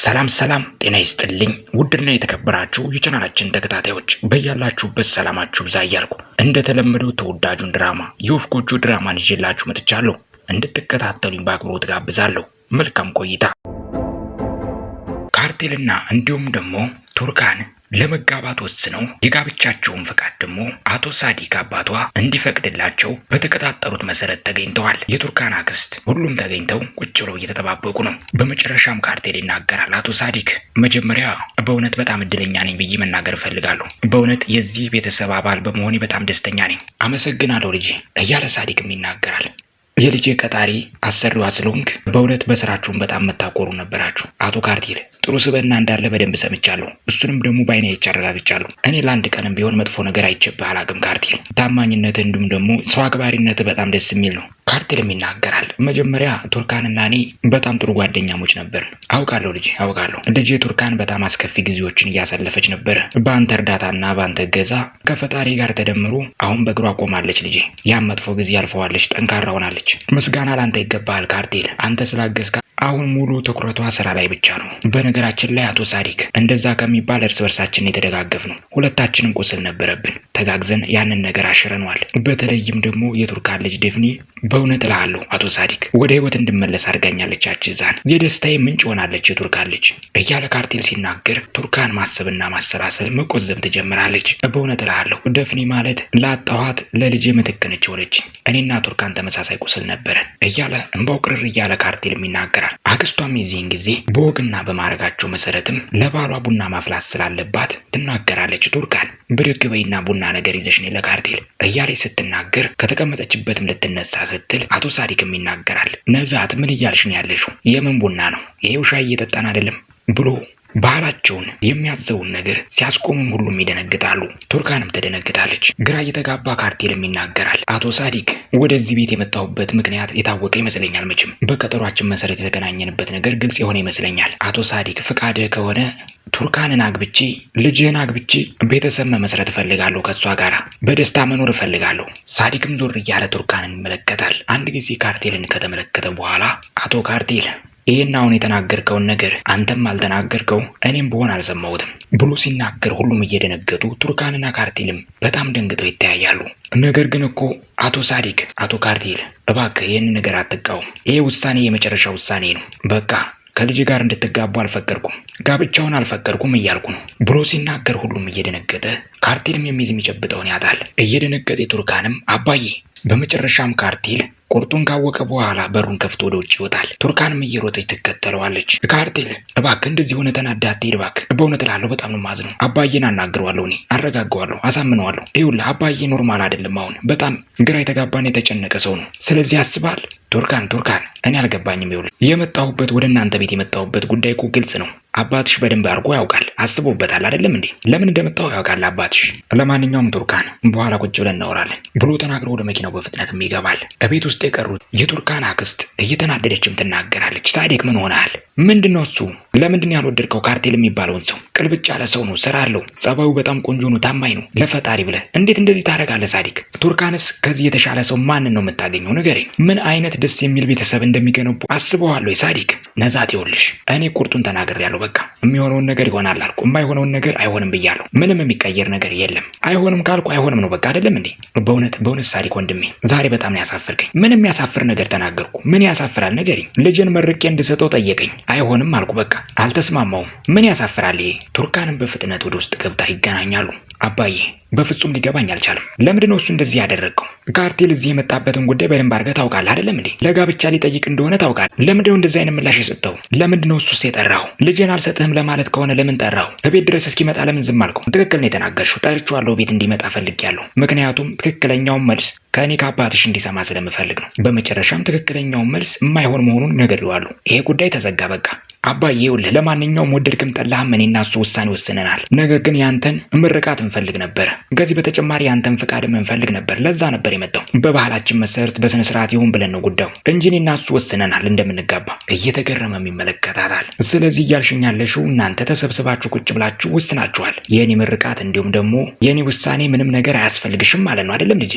ሰላም ሰላም፣ ጤና ይስጥልኝ ውድና የተከበራችሁ የቻናላችን ተከታታዮች በያላችሁበት ሰላማችሁ ብዛ እያልኩ እንደተለመደው ተወዳጁን ድራማ የወፍ ጎጆ ድራማን ይዤላችሁ መጥቻለሁ። እንድትከታተሉኝ በአክብሮት ጋብዛለሁ። መልካም ቆይታ። ካርቴልና እንዲሁም ደግሞ ቱርካን ለመጋባት ወስነው የጋብቻቸውን ፈቃድ ደግሞ አቶ ሳዲቅ አባቷ እንዲፈቅድላቸው በተቀጣጠሩት መሰረት ተገኝተዋል። የቱርካን አክስት ሁሉም ተገኝተው ቁጭ ብለው እየተጠባበቁ ነው። በመጨረሻም ካርቴል ይናገራል። አቶ ሳዲቅ መጀመሪያ በእውነት በጣም እድለኛ ነኝ ብዬ መናገር እፈልጋለሁ። በእውነት የዚህ ቤተሰብ አባል በመሆኔ በጣም ደስተኛ ነኝ። አመሰግናለሁ ልጄ እያለ ሳዲቅም ይናገራል። የልጄ ቀጣሪ አሰሪዋ ስለሆንክ በእውነት በስራችሁን በጣም መታቆሩ ነበራችሁ አቶ ካርቴል ጥሩ ስብዕና እንዳለ በደንብ ሰምቻለሁ። እሱንም ደግሞ በአይኔ አይቼ አረጋግጫለሁ። እኔ ለአንድ ቀንም ቢሆን መጥፎ ነገር አይቼብህ አላውቅም ካርቴል። ታማኝነት እንዲሁም ደግሞ ሰው አክባሪነት በጣም ደስ የሚል ነው። ካርቴልም ይናገራል። መጀመሪያ ቱርካንና እኔ በጣም ጥሩ ጓደኛሞች ነበር። አውቃለሁ ልጅ አውቃለሁ። ልጄ ቱርካን በጣም አስከፊ ጊዜዎችን እያሳለፈች ነበር። በአንተ እርዳታና በአንተ እገዛ ከፈጣሪ ጋር ተደምሮ አሁን በእግሯ ቆማለች። ልጄ ያም መጥፎ ጊዜ አልፈዋለች፣ ጠንካራ ሆናለች። ምስጋና ለአንተ ይገባሃል ካርቴል። አንተ ስላገዝካ አሁን ሙሉ ትኩረቷ ስራ ላይ ብቻ ነው። በነገራችን ላይ አቶ ሳዲክ እንደዛ ከሚባል እርስ በርሳችን የተደጋገፍ ነው። ሁለታችንም ቁስል ነበረብን። ተጋግዘን ያንን ነገር አሽረነዋል። በተለይም ደግሞ የቱርካን ልጅ ዴፍኒ በእውነት እልሃለሁ አቶ ሳዲክ ወደ ህይወት እንድመለስ አድርጋኛለች። አችዛን የደስታዬ ምንጭ ሆናለች የቱርካን ልጅ እያለ ካርቴል ሲናገር ቱርካን ማሰብና ማሰላሰል መቆዘብ ትጀምራለች። በእውነት እልሃለሁ ደፍኒ ማለት ላጣኋት ለልጅ ምትክ ሆነች። እኔና ቱርካን ተመሳሳይ ቁስል ነበረን እያለ እምባው ቅርር እያለ ካርቴል ይናገራል። አክስቷም የዚህን ጊዜ በወግና በማድረጋቸው መሰረትም ለባሏ ቡና ማፍላት ስላለባት ትናገራለች። ቱርካን ብድግ በይና ቡና ነገር ይዘሽ ነይ ለካርቴል እያለች ስትናገር ከተቀመጠችበትም ልትነሳ ስትል አቶ ሳዲክም ይናገራል። ነዛት ምን እያልሽ ነው ያለሽው? የምን ቡና ነው? ይሄው ሻይ እየጠጣን አይደለም ብሎ ባህላቸውን የሚያዘውን ነገር ሲያስቆሙም ሁሉም ይደነግጣሉ። ቱርካንም ተደነግጣለች። ግራ እየተጋባ ካርቴልም ይናገራል። አቶ ሳዲቅ ወደዚህ ቤት የመጣሁበት ምክንያት የታወቀ ይመስለኛል። መቼም በቀጠሯችን መሰረት የተገናኘንበት ነገር ግልጽ የሆነ ይመስለኛል። አቶ ሳዲቅ ፍቃድህ ከሆነ ቱርካንን አግብቼ ልጅህን አግብቼ ቤተሰብ መመስረት እፈልጋለሁ። ከእሷ ጋር በደስታ መኖር እፈልጋለሁ። ሳዲቅም ዞር እያለ ቱርካንን ይመለከታል። አንድ ጊዜ ካርቴልን ከተመለከተ በኋላ አቶ ካርቴል ይህን አሁን የተናገርከውን ነገር አንተም አልተናገርከው እኔም ብሆን አልሰማሁትም ብሎ ሲናገር ሁሉም እየደነገጡ ቱርካንና ካርቴልም በጣም ደንግጠው ይተያያሉ። ነገር ግን እኮ አቶ ሳዲክ አቶ ካርቴል እባክህ ይህን ነገር አትቃወም። ይሄ ውሳኔ የመጨረሻ ውሳኔ ነው። በቃ ከልጅ ጋር እንድትጋቡ አልፈቀድኩም፣ ጋብቻውን አልፈቀድኩም እያልኩ ነው ብሎ ሲናገር ሁሉም እየደነገጠ ካርቴልም የሚይዝ የሚጨብጠውን ያጣል። እየደነገጠ ቱርካንም አባዬ በመጨረሻም ካርቴል ቁርጡን ካወቀ በኋላ በሩን ከፍቶ ወደ ውጭ ይወጣል። ቱርካንም እየሮጠች ትከተለዋለች። ካርቴል እባክህ እንደዚህ ሆነ ተናዳ አትሄድ እባክህ። በእውነት እላለሁ በጣም ነው የማዝነው። አባዬን አናግረዋለሁ፣ እኔ አረጋገዋለሁ፣ አሳምነዋለሁ። ይኸውልህ አባዬ ኖርማል አይደለም። አሁን በጣም ግራ የተጋባና የተጨነቀ ሰው ነው። ስለዚህ አስባል ቱርካን ቱርካን፣ እኔ አልገባኝም። ይኸውልህ የመጣሁበት ወደ እናንተ ቤት የመጣሁበት ጉዳይ እኮ ግልጽ ነው። አባትሽ በደንብ አድርጎ ያውቃል፣ አስቦበታል። አይደለም እንዴ? ለምን እንደመጣው ያውቃል አባትሽ። ለማንኛውም ቱርካን በኋላ ቁጭ ብለን እናወራለን ብሎ ተናግሮ ወደ መኪናው በፍጥነትም ይገባል። እቤት ውስጥ የቀሩት የቱርካን አክስት እየተናደደችም ትናገራለች። ሳዲክ ምን ሆናል? ምንድን ነው እሱ? ለምንድን ነው ያልወደድከው? ካርቴል የሚባለውን ሰው ቅልብጭ ያለ ሰው ነው፣ ስራ አለው፣ ጸባዩ በጣም ቆንጆ ነው፣ ታማኝ ነው። ለፈጣሪ ብለህ እንዴት እንደዚህ ታደርጋለህ? ሳዲክ ቱርካንስ፣ ከዚህ የተሻለ ሰው ማንን ነው የምታገኘው? ንገረኝ። ምን አይነት ደስ የሚል ቤተሰብ እንደሚገነቡ ወይ? ሳዲክ ነዛት፣ ይኸውልሽ እኔ ቁርጡን ተናግሬያለሁ። በቃ የሚሆነውን ነገር ይሆናል አልኩ፣ የማይሆነውን ነገር አይሆንም ብያለሁ። ምንም የሚቀየር ነገር የለም። አይሆንም ካልኩ አይሆንም ነው በቃ። አይደለም እንዴ? በእውነት በእውነት ሳዲክ ወንድሜ፣ ዛሬ በጣም ነው ያሳፈርከኝ። ምን የሚያሳፍር ነገር ተናገርኩ? ምን ያሳፍራል? ንገረኝ። ልጅን መርቄ እንድሰጠው ጠየቀኝ። አይሆንም አልኩ። በቃ አልተስማማውም። ምን ያሳፍራል ይሄ። ቱርካንም በፍጥነት ወደ ውስጥ ገብታ ይገናኛሉ። አባዬ በፍጹም ሊገባኝ አልቻለም። ለምንድን ነው እሱ እንደዚህ ያደረገው? ካርቴል እዚህ የመጣበትን ጉዳይ በደንብ አድርገህ ታውቃለህ አይደለም እንዴ? ለጋብቻ ሊጠይቅ እንደሆነ ታውቃለህ። ለምንድን ነው እንደዚህ አይነት ምላሽ የሰጠው? ለምንድን ነው እሱስ የጠራው? ልጄን አልሰጥህም ለማለት ከሆነ ለምን ጠራው? እቤት ድረስ እስኪመጣ ለምን ዝም አልከው? ትክክል ነው የተናገርሽው። ጠርቼዋለሁ፣ ቤት እንዲመጣ ፈልጌያለሁ። ምክንያቱም ትክክለኛውን መልስ ከእኔ ከአባትሽ እንዲሰማ ስለምፈልግ ነው። በመጨረሻም ትክክለኛውን መልስ የማይሆን መሆኑን ነገድለዋሉ። ይሄ ጉዳይ ተዘጋ በቃ። አባዬ ይኸውልህ፣ ለማንኛውም ወደድክም ጠላህም እኔና እሱ ውሳኔ ወስነናል። ነገር ግን ያንተን ምርቃት እንፈልግ ነበር። ከዚህ በተጨማሪ ያንተን ፍቃድም እንፈልግ ነበር። ለዛ ነበር የመጣው። በባህላችን መሰረት በስነ ስርዓት ይሁን ብለን ነው ጉዳዩ እንጂ እኔና እሱ ወስነናል እንደምንጋባ። እየተገረመም ይመለከታታል። ስለዚህ እያልሽኝ ያለሽው እናንተ ተሰብስባችሁ ቁጭ ብላችሁ ወስናችኋል። የእኔ ምርቃት እንዲሁም ደግሞ የእኔ ውሳኔ ምንም ነገር አያስፈልግሽም ማለት ነው አይደለም ልጄ?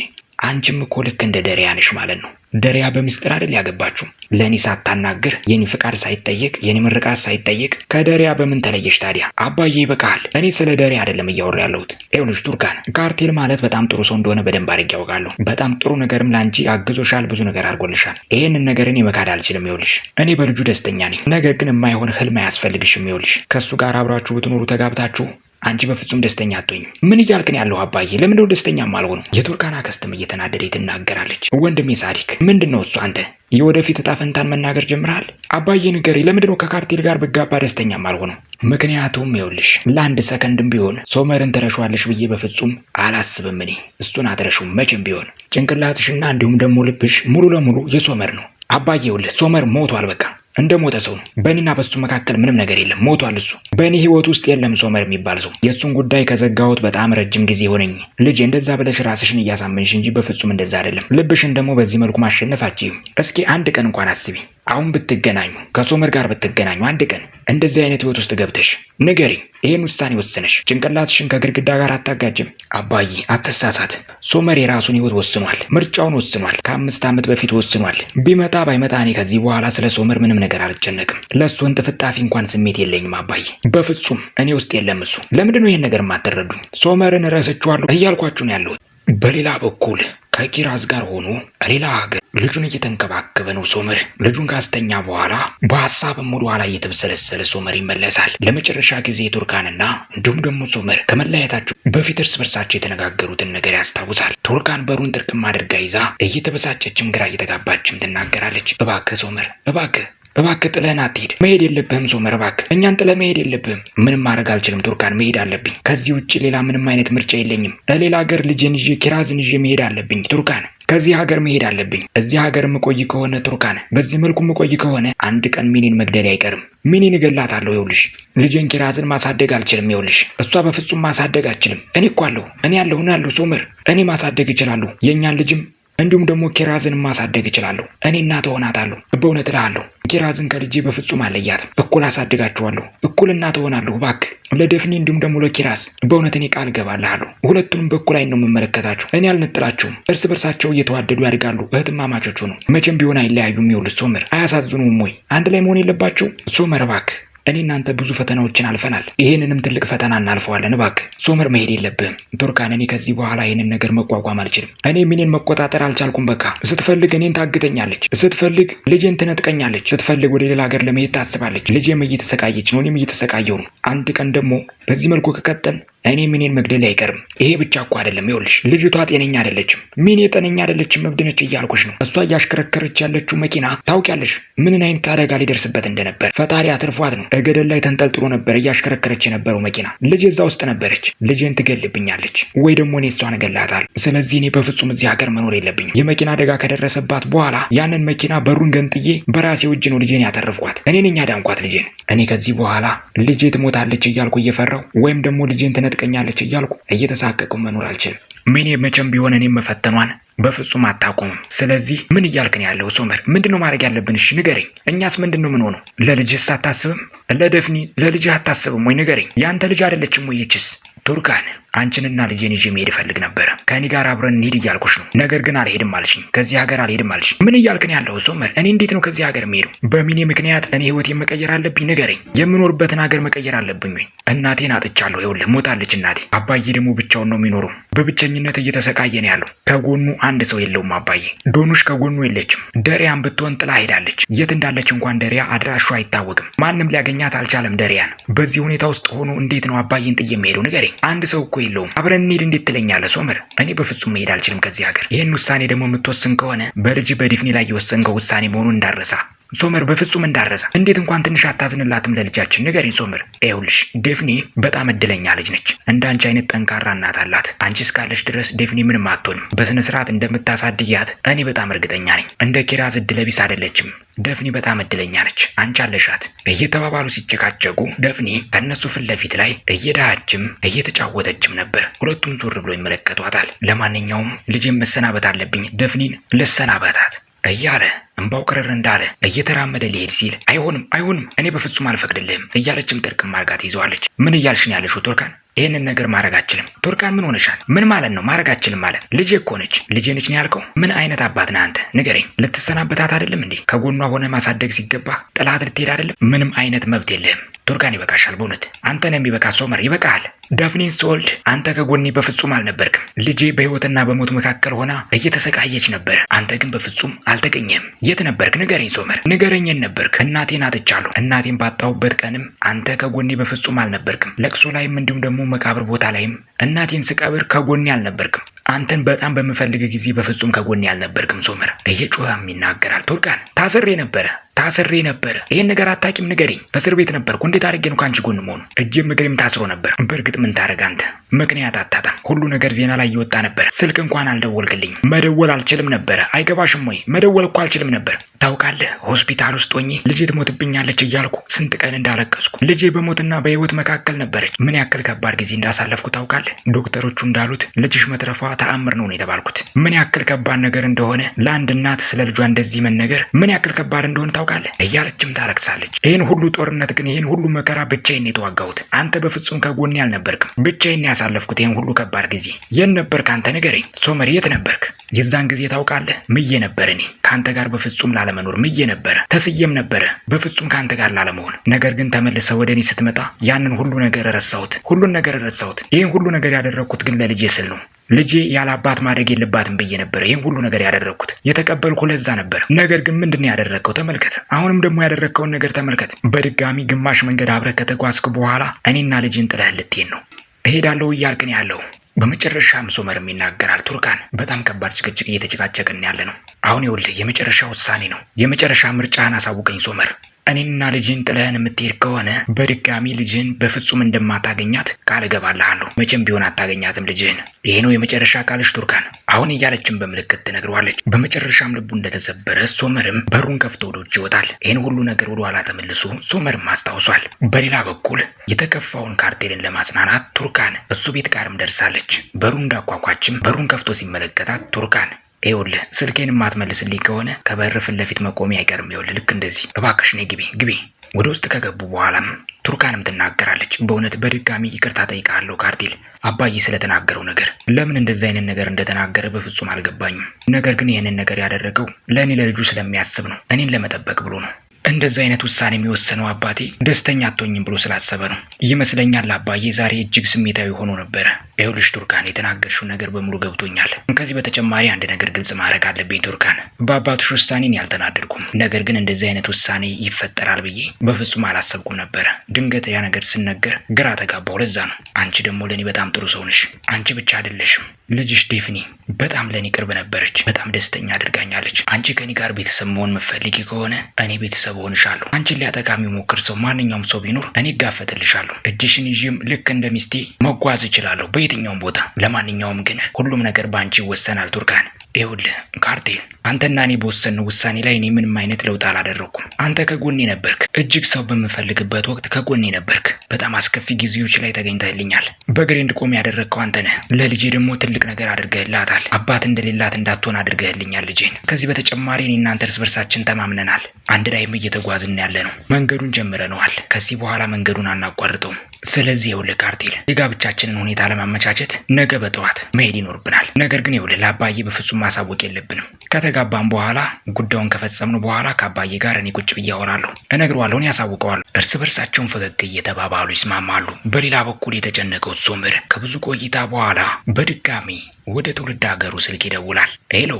አንቺም እኮ ልክ እንደ ደሪያ ነሽ ማለት ነው። ደሪያ በምስጢር አይደል ያገባችሁ? ለእኔ ሳታናግር፣ የኔ ፍቃድ ሳይጠየቅ፣ የኔ ምርቃት ሳይጠየቅ ከደሪያ በምን ተለየሽ ታዲያ? አባዬ ይበቃሃል። እኔ ስለ ደሪያ አይደለም እያወራ ያለሁት። ይኸውልሽ ቱርካን፣ ካርቴል ማለት በጣም ጥሩ ሰው እንደሆነ በደንብ አድርጌ ያውቃለሁ። በጣም ጥሩ ነገርም ለአንቺ አግዞሻል፣ ብዙ ነገር አድርጎልሻል። ይህንን ነገር እኔ መካድ አልችልም። ይኸውልሽ እኔ በልጁ ደስተኛ ነኝ። ነገር ግን የማይሆን ህልም አያስፈልግሽም። ይኸውልሽ ከእሱ ጋር አብራችሁ ብትኖሩ ተጋብታችሁ አንቺ በፍጹም ደስተኛ አትሆኝም። ምን እያልክን ያለው አባዬ? ለምንድነው ደስተኛ አልሆነው? የቱርካና ከስትም እየተናደደ ትናገራለች። ወንድሜ ሳዲክ ምንድን ነው እሱ? አንተ የወደፊት እጣ ፈንታን መናገር ጀምረሃል? አባዬ ንገሪ፣ ለምንድነው ከካርቴል ጋር ብጋባ ደስተኛ አልሆነው? ምክንያቱም ይኸውልሽ፣ ለአንድ ሰከንድም ቢሆን ሶመርን ትረሿለሽ ብዬ በፍጹም አላስብም። እኔ እሱን አትረሹም መቼም ቢሆን። ጭንቅላትሽና እንዲሁም ደግሞ ልብሽ ሙሉ ለሙሉ የሶመር ነው አባዬ። ይኸውልህ ሶመር ሞቷል በቃ እንደ ሞተ ሰው ነው። በእኔና በሱ መካከል ምንም ነገር የለም፣ ሞቷል እሱ። በእኔ ህይወት ውስጥ የለም ሶመር የሚባል ሰው። የእሱን ጉዳይ ከዘጋሁት በጣም ረጅም ጊዜ ሆነኝ። ልጅ እንደዛ ብለሽ ራስሽን እያሳመንሽ እንጂ በፍጹም እንደዛ አይደለም። ልብሽን ደግሞ በዚህ መልኩ ማሸነፍ አችይም። እስኪ አንድ ቀን እንኳን አስቢ። አሁን ብትገናኙ ከሶመር ጋር ብትገናኙ አንድ ቀን እንደዚህ አይነት ህይወት ውስጥ ገብተሽ ንገሪ። ይህን ውሳኔ ወስነሽ ጭንቅላትሽን ከግድግዳ ጋር አታጋጅም አባዬ አትሳሳት፣ ሶመር የራሱን ህይወት ወስኗል፣ ምርጫውን ወስኗል፣ ከአምስት ዓመት በፊት ወስኗል። ቢመጣ ባይመጣ እኔ ከዚህ በኋላ ስለ ሶመር ምንም ነገር አልጨነቅም። ለእሱ እንጥፍጣፊ እንኳን ስሜት የለኝም አባዬ፣ በፍጹም እኔ ውስጥ የለም እሱ። ለምንድን ነው ይህን ነገር የማትረዱኝ? ሶመርን እረስችዋለሁ እያልኳችሁ ነው ያለሁት። በሌላ በኩል ከኪራዝ ጋር ሆኖ ሌላ ሀገር ልጁን እየተንከባከበ ነው ሶመር። ልጁን ካስተኛ በኋላ በሀሳብም ወደ ኋላ እየተብሰለሰለ ሶመር ይመለሳል። ለመጨረሻ ጊዜ ቱርካንና እንዲሁም ደግሞ ሶመር ከመለያየታቸው በፊት እርስ በርሳቸው የተነጋገሩትን ነገር ያስታውሳል። ቱርካን በሩን ጥርቅም አድርጋ ይዛ እየተበሳጨችም ግራ እየተጋባችም ትናገራለች። እባክህ ሶመር እባክህ እባክህ ጥለህን አትሄድ። መሄድ የለብህም ሶመር፣ እባክህ እኛን ጥለህ መሄድ የለብህም። ምንም ማድረግ አልችልም ቱርካን፣ መሄድ አለብኝ። ከዚህ ውጭ ሌላ ምንም አይነት ምርጫ የለኝም። ለሌላ ሀገር ልጄን ይዤ ኪራዝን ይዤ መሄድ አለብኝ ቱርካን ከዚህ ሀገር መሄድ አለብኝ። እዚህ ሀገር ምቆይ ከሆነ ቱርካን፣ በዚህ መልኩ ምቆይ ከሆነ አንድ ቀን ሚኒን መግደል አይቀርም። ሚኒን እገላታለሁ። ይኸውልሽ ልጄን ኪራዝን ማሳደግ አልችልም። ይኸውልሽ እሷ በፍጹም ማሳደግ አልችልም። እኔ እኮ አለሁ፣ እኔ አለሁ፣ እኔ አለሁ ሶመር፣ እኔ ማሳደግ እችላለሁ። የእኛን ልጅም እንዲሁም ደግሞ ኪራዝን ማሳደግ እችላለሁ። እኔ እናት እሆናታለሁ። በእውነት እልሃለሁ፣ ኪራዝን ከልጄ በፍጹም አለያትም። እኩል አሳድጋችኋለሁ፣ እኩል እናት እሆናለሁ። እባክህ ለደፍኔ እንዲሁም ደግሞ ለኪራዝ በእውነት እኔ ቃል እገባልሃለሁ። ሁለቱንም በኩል አይን ነው የምመለከታችሁ። እኔ አልነጥላችሁም። እርስ በርሳቸው እየተዋደዱ ያድጋሉ። እህትማማቾቹ ነው፣ መቼም ቢሆን አይለያዩም። ይኸውልህ ሶመር፣ አያሳዝኑም ወይ? አንድ ላይ መሆን የለባቸው? ሶመር እባክህ እኔ እናንተ ብዙ ፈተናዎችን አልፈናል። ይህንንም ትልቅ ፈተና እናልፈዋለን። እባክህ ሶመር መሄድ የለብህም። ቱርካን፣ እኔ ከዚህ በኋላ ይህንን ነገር መቋቋም አልችልም። እኔ ምንን መቆጣጠር አልቻልኩም። በቃ ስትፈልግ እኔን ታግተኛለች፣ ስትፈልግ ልጄን ትነጥቀኛለች፣ ስትፈልግ ወደ ሌላ ሀገር ለመሄድ ታስባለች። ልጄም እየተሰቃየች ነው፣ እኔም እየተሰቃየው ነው። አንድ ቀን ደግሞ በዚህ መልኩ ከቀጠን እኔ ሚኔን መግደል አይቀርም። ይሄ ብቻ እኮ አይደለም። ይኸውልሽ ልጅቷ ጤነኛ አይደለችም። ሚኔ ጤነኛ አይደለችም፣ እብድ ነች እያልኩሽ ነው። እሷ እያሽከረከረች ያለችው መኪና ታውቂያለሽ ምንን አይነት አደጋ ሊደርስበት እንደነበር። ፈጣሪ አትርፏት ነው። እገደል ላይ ተንጠልጥሎ ነበር እያሽከረከረች የነበረው መኪና። ልጅ እዛ ውስጥ ነበረች። ልጅን ትገልብኛለች ወይ ደግሞ እኔ እሷን እገላታለሁ። ስለዚህ እኔ በፍጹም እዚህ ሀገር መኖር የለብኝም። የመኪና አደጋ ከደረሰባት በኋላ ያንን መኪና በሩን ገንጥዬ በራሴ እጅ ነው ልጄን ያተረፍኳት። እኔ ነኝ ያዳንኳት ልጄን። እኔ ከዚህ በኋላ ልጄ ትሞታለች እያልኩ እየፈራው ወይም ደግሞ ልጄን ትነጥ ትነጥቀኛለች እያልኩ እየተሳቀቁ መኖር አልችልም። ሚኔ መቼም ቢሆን እኔም መፈተኗን በፍጹም አታቆምም። ስለዚህ ምን እያልክን ያለው? ሶመር ምንድን ነው ማድረግ ያለብን? እሺ ንገረኝ። እኛስ ምንድን ነው ምን ሆነው? ለልጅስ አታስብም? ለደፍኒ ለልጅህ አታስብም ወይ ንገረኝ። ያንተ ልጅ አይደለችም ይችስ ቱርካን አንቺንና ልጄን ይዤ መሄድ እፈልግ ነበረ። ከእኔ ጋር አብረን እንሂድ እያልኩሽ ነው። ነገር ግን አልሄድም አልሽኝ። ከዚህ ሀገር አልሄድም አልሽኝ። ምን እያልክን ያለው ሶመር? እኔ እንዴት ነው ከዚህ ሀገር የምሄደው? በሚኔ ምክንያት እኔ ህይወቴን መቀየር አለብኝ? ንገረኝ። የምኖርበትን ሀገር መቀየር አለብኝ ወይ? እናቴን አጥቻለሁ። ይኸውልህ ሞታለች እናቴ። አባዬ ደግሞ ብቻውን ነው የሚኖሩ። በብቸኝነት እየተሰቃየ ነው ያለው። ከጎኑ አንድ ሰው የለውም አባዬ። ዶኑሽ ከጎኑ የለችም። ደሪያን ብትሆን ጥላ ሄዳለች። የት እንዳለች እንኳን ደሪያ አድራሹ አይታወቅም። ማንም ሊያገኛት አልቻለም ደሪያን። በዚህ ሁኔታ ውስጥ ሆኖ እንዴት ነው አባዬን ጥዬ የምሄደው? ንገረኝ። አንድ ሰው እኮ የለውም። አብረን እንሄድ እንዴት ትለኛለህ ሶመር? እኔ በፍጹም መሄድ አልችልም ከዚህ ሀገር። ይህን ውሳኔ ደግሞ የምትወስን ከሆነ በልጅ በዲፍኒ ላይ የወሰንከው ውሳኔ መሆኑን እንዳረሳ ሶመር በፍጹም እንዳረሳ እንዴት እንኳን ትንሽ አታዝንላትም? ለልጃችን ንገሪኝ ሶመር። ኤውልሽ ዴፍኒ በጣም እድለኛ ልጅ ነች። እንደ አንቺ አይነት ጠንካራ እናት አላት። አንቺ እስካለሽ ድረስ ዴፍኒ ምንም አትሆንም። በስነ ስርዓት እንደምታሳድጊያት እኔ በጣም እርግጠኛ ነኝ። እንደ ኪራዝ እድለቢስ አይደለችም። ደፍኒ በጣም እድለኛ ነች። አንቺ አለሻት። እየተባባሉ ሲጨቃጨቁ ደፍኒ ከእነሱ ፊት ለፊት ላይ እየዳሃችም እየተጫወተችም ነበር። ሁለቱም ዞር ብሎ ይመለከቷታል። ለማንኛውም ልጄን መሰናበት አለብኝ፣ ደፍኒን ልሰናበታት እያለ እምባው ቅርር እንዳለ እየተራመደ ሊሄድ ሲል አይሆንም፣ አይሆንም እኔ በፍጹም አልፈቅድልህም እያለችም ጥርቅም አድርጋ ትይዘዋለች። ምን እያልሽን ነው ያለሽው ቱርካን? ይህንን ነገር ማድረግ አችልም። ቱርካን ምን ሆነሻል? ምን ማለት ነው ማድረግ አችልም ማለት? ልጄ እኮ ነች። ልጄ ነች ነው ያልከው? ምን አይነት አባት ነህ አንተ ንገረኝ። ልትሰናበታት አይደለም እንዴ? ከጎኗ ሆነ ማሳደግ ሲገባ ጥላት ልትሄድ አይደለም? ምንም አይነት መብት የለህም ቱርካን። ይበቃሻል በእውነት አንተን የሚበቃ ሶመር ይበቃሃል። ዳፍኔን ሶልድ አንተ ከጎኔ በፍጹም አልነበርክም። ልጄ በህይወትና በሞት መካከል ሆና እየተሰቃየች ነበር። አንተ ግን በፍጹም አልተገኘም። የት ነበርክ ንገረኝ፣ ሶመር ንገረኝ። የት ነበርክ? እናቴን አጥቻለሁ። እናቴን ባጣሁበት ቀንም አንተ ከጎኔ በፍጹም አልነበርክም። ለቅሶ ላይም እንዲሁም ደግሞ መቃብር ቦታ ላይም እናቴን ስቀብር ከጎኔ አልነበርክም። አንተን በጣም በምፈልግ ጊዜ በፍጹም ከጎን ያልነበርክም። ሶመር እየጮኸም ይናገራል። ቱርካን ታስሬ ነበረ ታስሬ ነበረ። ይሄን ነገር አጣቂም ንገሪኝ። እስር ቤት ነበርኩ። እንዴት አድርጌ ነው ከአንቺ ጎን መሆኑ? እጅም እግሬም ታስሮ ነበር። በእርግጥ ምን ታደርግ አንተ ምክንያት አታጣም። ሁሉ ነገር ዜና ላይ እየወጣ ነበር። ስልክ እንኳን አልደወልክልኝ መደወል አልችልም ነበረ። አይገባሽም ወይ? መደወል እኮ አልችልም ነበር። ታውቃለህ፣ ሆስፒታል ውስጥ ሆኜ ልጄ ትሞትብኛለች እያልኩ ስንት ቀን እንዳለቀስኩ። ልጄ በሞትና በህይወት መካከል ነበረች። ምን ያክል ከባድ ጊዜ እንዳሳለፍኩ ታውቃለህ? ዶክተሮቹ እንዳሉት ልጅሽ መትረፏ ተአምር ነው ነው የተባልኩት። ምን ያክል ከባድ ነገር እንደሆነ ለአንድ እናት ስለ ልጇ እንደዚህ መነገር ምን ያክል ከባድ እንደሆነ ታውቃለህ? እያለችም ታለቅሳለች። ይህን ሁሉ ጦርነት ግን ይህን ሁሉ መከራ ብቻዬን የተዋጋሁት አንተ በፍጹም ከጎኔ አልነበርክም። ብቻዬን ያሳለፍኩት ይህን ሁሉ ከባድ ጊዜ የት ነበርክ አንተ ንገረኝ። ሶመር የት ነበርክ? የዛን ጊዜ ታውቃለህ ምዬ ነበር እኔ ከአንተ ጋር በፍጹም ላለመኖር ምዬ ነበረ ተስዬም ነበረ በፍጹም ከአንተ ጋር ላለመሆን። ነገር ግን ተመልሰ ወደ እኔ ስትመጣ ያንን ሁሉ ነገር ረሳሁት፣ ሁሉን ነገር ረሳሁት። ይህን ሁሉ ነገር ያደረግኩት ግን ለልጄ ስል ነው። ልጄ ያለ አባት ማደግ የለባትም ብዬ ነበረ ይህን ሁሉ ነገር ያደረግኩት። የተቀበልኩ ለዛ ነበር። ነገር ግን ምንድን ነው ያደረግከው? ተመልከት። አሁንም ደግሞ ያደረግከውን ነገር ተመልከት። በድጋሚ ግማሽ መንገድ አብረህ ከተጓዝክ በኋላ እኔና ልጅን ጥለህ ልትሄድ ነው። እሄዳለሁ እያልክ ያለው በመጨረሻም ሶመርም ይናገራል። ቱርካን በጣም ከባድ ጭቅጭቅ እየተጨቃጨቅን ያለ ነው። አሁን ይኸውልህ የመጨረሻ ውሳኔ ነው። የመጨረሻ ምርጫህን አሳውቀኝ ሶመር። እኔና ልጅን ጥለህን የምትሄድ ከሆነ በድጋሚ ልጅን በፍጹም እንደማታገኛት ቃል እገባልሃለሁ። መቼም ቢሆን አታገኛትም ልጅህን። ይህ ነው የመጨረሻ ቃልሽ ቱርካን፣ አሁን እያለችን በምልክት ትነግረዋለች። በመጨረሻም ልቡ እንደተሰበረ ሶመርም በሩን ከፍቶ ወደ ውጭ ይወጣል። ይህን ሁሉ ነገር ወደ ኋላ ተመልሶ ሶመርም አስታውሷል። በሌላ በኩል የተከፋውን ካርቴልን ለማጽናናት ቱርካን እሱ ቤት ጋርም ደርሳለች። በሩ እንዳኳኳችም በሩን ከፍቶ ሲመለከታት ቱርካን ይኸውልህ ስልኬን የማትመልስልኝ ከሆነ ከበር ፊት ለፊት አይቀርም። ይኸውልህ ልክ እንደዚህ እባክሽ ነይ ግቢ ግቢ። ወደ ውስጥ ከገቡ በኋላም ቱርካንም ትናገራለች። በእውነት በድጋሚ ይቅርታ ጠይቃለሁ ካርቲል፣ አባዬ ስለተናገረው ነገር። ለምን እንደዚህ አይነት ነገር እንደተናገረ በፍጹም አልገባኝም። ነገር ግን ይህንን ነገር ያደረገው ለእኔ ለልጁ ስለሚያስብ ነው፣ እኔን ለመጠበቅ ብሎ ነው። እንደዚህ አይነት ውሳኔ የሚወሰነው አባቴ ደስተኛ አትሆኝም ብሎ ስላሰበ ነው ይመስለኛል። አባዬ ዛሬ እጅግ ስሜታዊ ሆኖ ነበረ። ይኸውልሽ ቱርካን፣ የተናገርሽው ነገር በሙሉ ገብቶኛል። ከዚህ በተጨማሪ አንድ ነገር ግልጽ ማድረግ አለብኝ ቱርካን። በአባትሽ ውሳኔን ያልተናደድኩም፣ ነገር ግን እንደዚህ አይነት ውሳኔ ይፈጠራል ብዬ በፍጹም አላሰብኩም ነበረ። ድንገት ያ ነገር ስነገር ግራ ተጋባው። ለዛ ነው። አንቺ ደግሞ ለእኔ በጣም ጥሩ ሰው ነሽ። አንቺ ብቻ አይደለሽም፣ ልጅሽ ዴፍኒ በጣም ለእኔ ቅርብ ነበረች። በጣም ደስተኛ አድርጋኛለች። አንቺ ከኔ ጋር ቤተሰብ መሆን መፈልጊ ከሆነ እኔ ቤተሰብ ቤተሰብ እሆንሻለሁ። አንቺን ሊያጠቃ የሚሞክር ሰው ማንኛውም ሰው ቢኖር እኔ እጋፈጥልሻለሁ። እጅሽን ይዤም ልክ እንደ ሚስቴ መጓዝ እችላለሁ በየትኛውም ቦታ። ለማንኛውም ግን ሁሉም ነገር በአንቺ ይወሰናል ቱርካን ይኸውልህ ካርቴል፣ አንተና እኔ በወሰንነው ውሳኔ ላይ እኔ ምንም አይነት ለውጥ አላደረኩም። አንተ ከጎኔ ነበርክ። እጅግ ሰው በምፈልግበት ወቅት ከጎኔ ነበርክ። በጣም አስከፊ ጊዜዎች ላይ ተገኝተህልኛል። በግሬንድ እንድቆም ያደረግከው አንተ ነህ። ለልጄ ደግሞ ትልቅ ነገር አድርገህላታል። አባት እንደሌላት እንዳትሆን አድርገህልኛል ልጄን። ከዚህ በተጨማሪ እኔ እናንተ እርስ በርሳችን ተማምነናል። አንድ ላይም እየተጓዝን ያለ ነው። መንገዱን ጀምረነዋል። ከዚህ በኋላ መንገዱን አናቋርጠውም። ስለዚህ ይኸውልህ ካርቴል የጋብቻችንን ሁኔታ ለማመቻቸት ነገ በጠዋት መሄድ ይኖርብናል። ነገር ግን ይኸውልህ ለአባዬ በፍጹም ማሳወቅ የለብንም። ከተጋባም በኋላ ጉዳዩን ከፈጸምን በኋላ ከአባዬ ጋር እኔ ቁጭ ብዬ አወራለሁ፣ እነግረዋለሁ፣ ያሳውቀዋለሁ። እርስ በርሳቸውን ፈገግ እየተባባሉ ይስማማሉ። በሌላ በኩል የተጨነቀው ሶምር ከብዙ ቆይታ በኋላ በድጋሚ ወደ ትውልድ ሀገሩ ስልክ ይደውላል። ሄሎ፣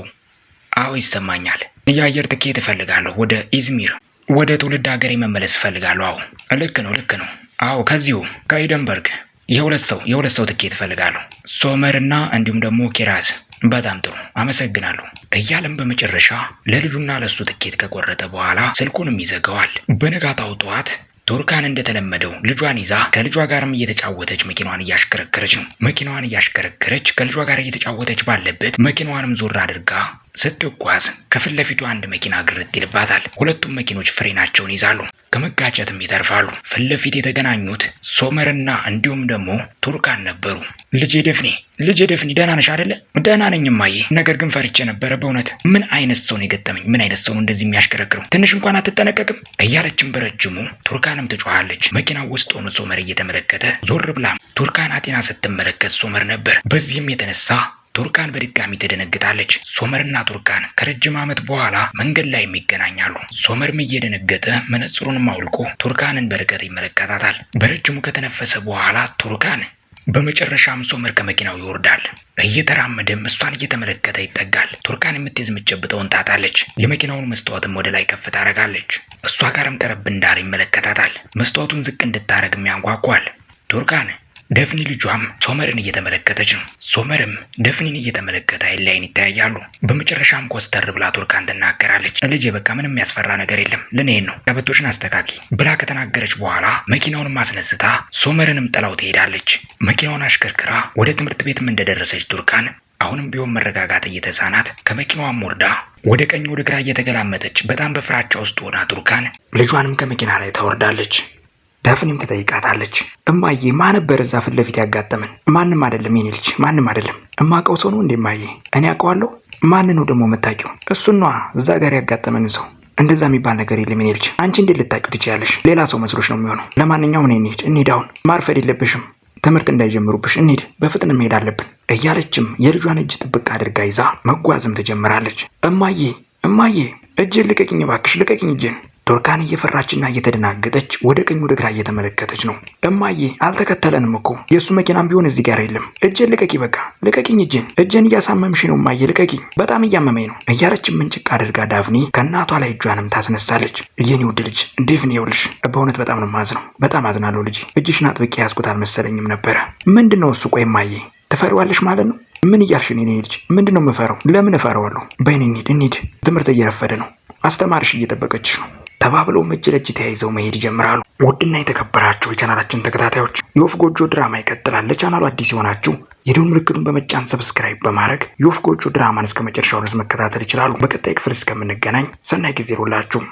አዎ ይሰማኛል። የአየር ትኬት እፈልጋለሁ። ወደ ኢዝሚር ወደ ትውልድ ሀገር መመለስ እፈልጋለሁ። አዎ ልክ ነው፣ ልክ ነው። አዎ ከዚሁ ከኤደንበርግ የሁለት ሰው የሁለት ሰው ትኬት እፈልጋለሁ። ሶመርና እንዲሁም ደግሞ ኪራዝ። በጣም ጥሩ አመሰግናለሁ እያለም በመጨረሻ ለልጁና ለእሱ ትኬት ከቆረጠ በኋላ ስልኩንም ይዘጋዋል። በነጋታው ጠዋት ቱርካን እንደተለመደው ልጇን ይዛ ከልጇ ጋርም እየተጫወተች መኪናዋን እያሽከረከረች ነው። መኪናዋን እያሽከረከረች ከልጇ ጋር እየተጫወተች ባለበት መኪናዋንም ዞር አድርጋ ስትጓዝ ከፊት ለፊቱ አንድ መኪና ግርት ይልባታል። ሁለቱም መኪኖች ፍሬናቸውን ይዛሉ። ከመጋጨትም ይተርፋሉ። ፊት ለፊት የተገናኙት ሶመርና እንዲሁም ደግሞ ቱርካን ነበሩ። ልጄ ደፍኔ ልጄ ደፍኔ ደህና ነሽ አይደለ? ደህና ነኝ እማዬ፣ ነገር ግን ፈርቼ ነበረ በእውነት። ምን አይነት ሰው ነው የገጠመኝ? ምን አይነት ሰው ነው እንደዚህ የሚያሽከረክረው? ትንሽ እንኳን አትጠነቀቅም እያለችም በረጅሙ ቱርካንም ትጮኻለች። መኪናው ውስጥ ሆኖ ሶመር እየተመለከተ ዞር ብላ ቱርካን አጤና ስትመለከት ሶመር ነበር። በዚህም የተነሳ ቱርካን በድጋሚ ትደነግጣለች። ሶመርና ቱርካን ከረጅም ዓመት በኋላ መንገድ ላይ ይገናኛሉ። ሶመርም እየደነገጠ መነጽሩንም አውልቆ ቱርካንን በርቀት ይመለከታታል። በረጅሙ ከተነፈሰ በኋላ ቱርካን በመጨረሻም ሶመር ከመኪናው ይወርዳል። እየተራመደም እሷን እየተመለከተ ይጠጋል። ቱርካን የምትይዝ የምትጨብጠውን ታጣለች። የመኪናውን መስታወትም ወደ ላይ ከፍ ታደርጋለች። እሷ ጋርም ቀረብ እንዳለ ይመለከታታል። መስታወቱን ዝቅ እንድታደርግም ያንጓጓል። ቱርካን ደፍኒ ልጇም ሶመርን እየተመለከተች ነው። ሶመርም ደፍኒን እየተመለከተ አይን ላይን ይተያያሉ። በመጨረሻም ኮስተር ብላ ቱርካን ትናገራለች። ልጄ በቃ ምንም የሚያስፈራ ነገር የለም ልንሄድ ነው፣ ቀበቶችን አስተካኪ ብላ ከተናገረች በኋላ መኪናውን ማስነስታ ሶመርንም ጥላው ትሄዳለች። መኪናውን አሽከርክራ ወደ ትምህርት ቤትም እንደደረሰች ቱርካን አሁንም ቢሆን መረጋጋት እየተሳናት ከመኪናዋም ወርዳ ወደ ቀኝ ወደ ግራ እየተገላመጠች በጣም በፍራቻ ውስጥ ሆና ቱርካን ልጇንም ከመኪና ላይ ታወርዳለች። ዳፍኔም ትጠይቃታለች። እማዬ ማነበር እዛ ፊት ለፊት ያጋጠመን? ማንም አይደለም የኔ ልጅ ማንም አይደለም። እማቀው ሰው ነው እንዴ እማዬ? እኔ አውቀዋለሁ። ማን ነው ደግሞ የምታውቂው? እሱኗ እዛ ጋር ያጋጠመን ሰው እንደዛ የሚባል ነገር የለም የኔ ልጅ። አንቺ እንዴት ልታውቂው ትችያለሽ? ሌላ ሰው መስሎች ነው የሚሆነው። ለማንኛውም እኔ እንሂድ እንሂድ፣ አሁን ማርፈድ የለብሽም ትምህርት እንዳይጀምሩብሽ እንሂድ፣ በፍጥነት መሄድ አለብን እያለችም የልጇን እጅ ጥብቅ አድርጋ ይዛ መጓዝም ትጀምራለች። እማዬ እማዬ፣ እጅን ልቀቅኝ እባክሽ፣ ልቀቅኝ እጅን ዶርካን እየፈራችና እየተደናገጠች ወደ ቀኝ ወደ ግራ እየተመለከተች ነው። እማዬ አልተከተለንም እኮ የእሱ መኪናም ቢሆን እዚህ ጋር የለም። እጄን ልቀቂ፣ በቃ ልቀቂኝ፣ እጄን እጄን እያሳመምሽ ነው እማዬ፣ ልቀቂኝ፣ በጣም እያመመኝ ነው እያለች ምንጭቅ አድርጋ ዳፍኒ ከእናቷ ላይ እጇንም ታስነሳለች። የኔ ውድ ልጅ ዴፍኔ፣ ይኸውልሽ በእውነት በጣም ነው የማዝነው፣ በጣም አዝናለሁ ልጅ። እጅሽን አጥብቄ ያዝኩት አልመሰለኝም ነበረ። ምንድን ነው እሱ? ቆይ እማዬ ትፈሪዋለሽ ማለት ነው? ምን እያልሽ ነው? የኔ ልጅ ምንድን ነው የምፈራው? ለምን እፈረዋለሁ? በይን እንሂድ፣ እንሂድ። ትምህርት እየረፈደ ነው። አስተማርሽ እየጠበቀችሽ ነው። ተባብለውም እጅ ለእጅ ተያይዘው መሄድ ይጀምራሉ። ውድና የተከበራችሁ የቻናላችን ተከታታዮች የወፍ ጎጆ ድራማ ይቀጥላል። ለቻናሉ አዲስ የሆናችሁ የደወል ምልክቱን በመጫን ሰብስክራይብ በማድረግ የወፍ ጎጆ ድራማን እስከ መጨረሻው ድረስ መከታተል ይችላሉ። በቀጣይ ክፍል እስከምንገናኝ ሰናይ ጊዜ ይሁንላችሁ።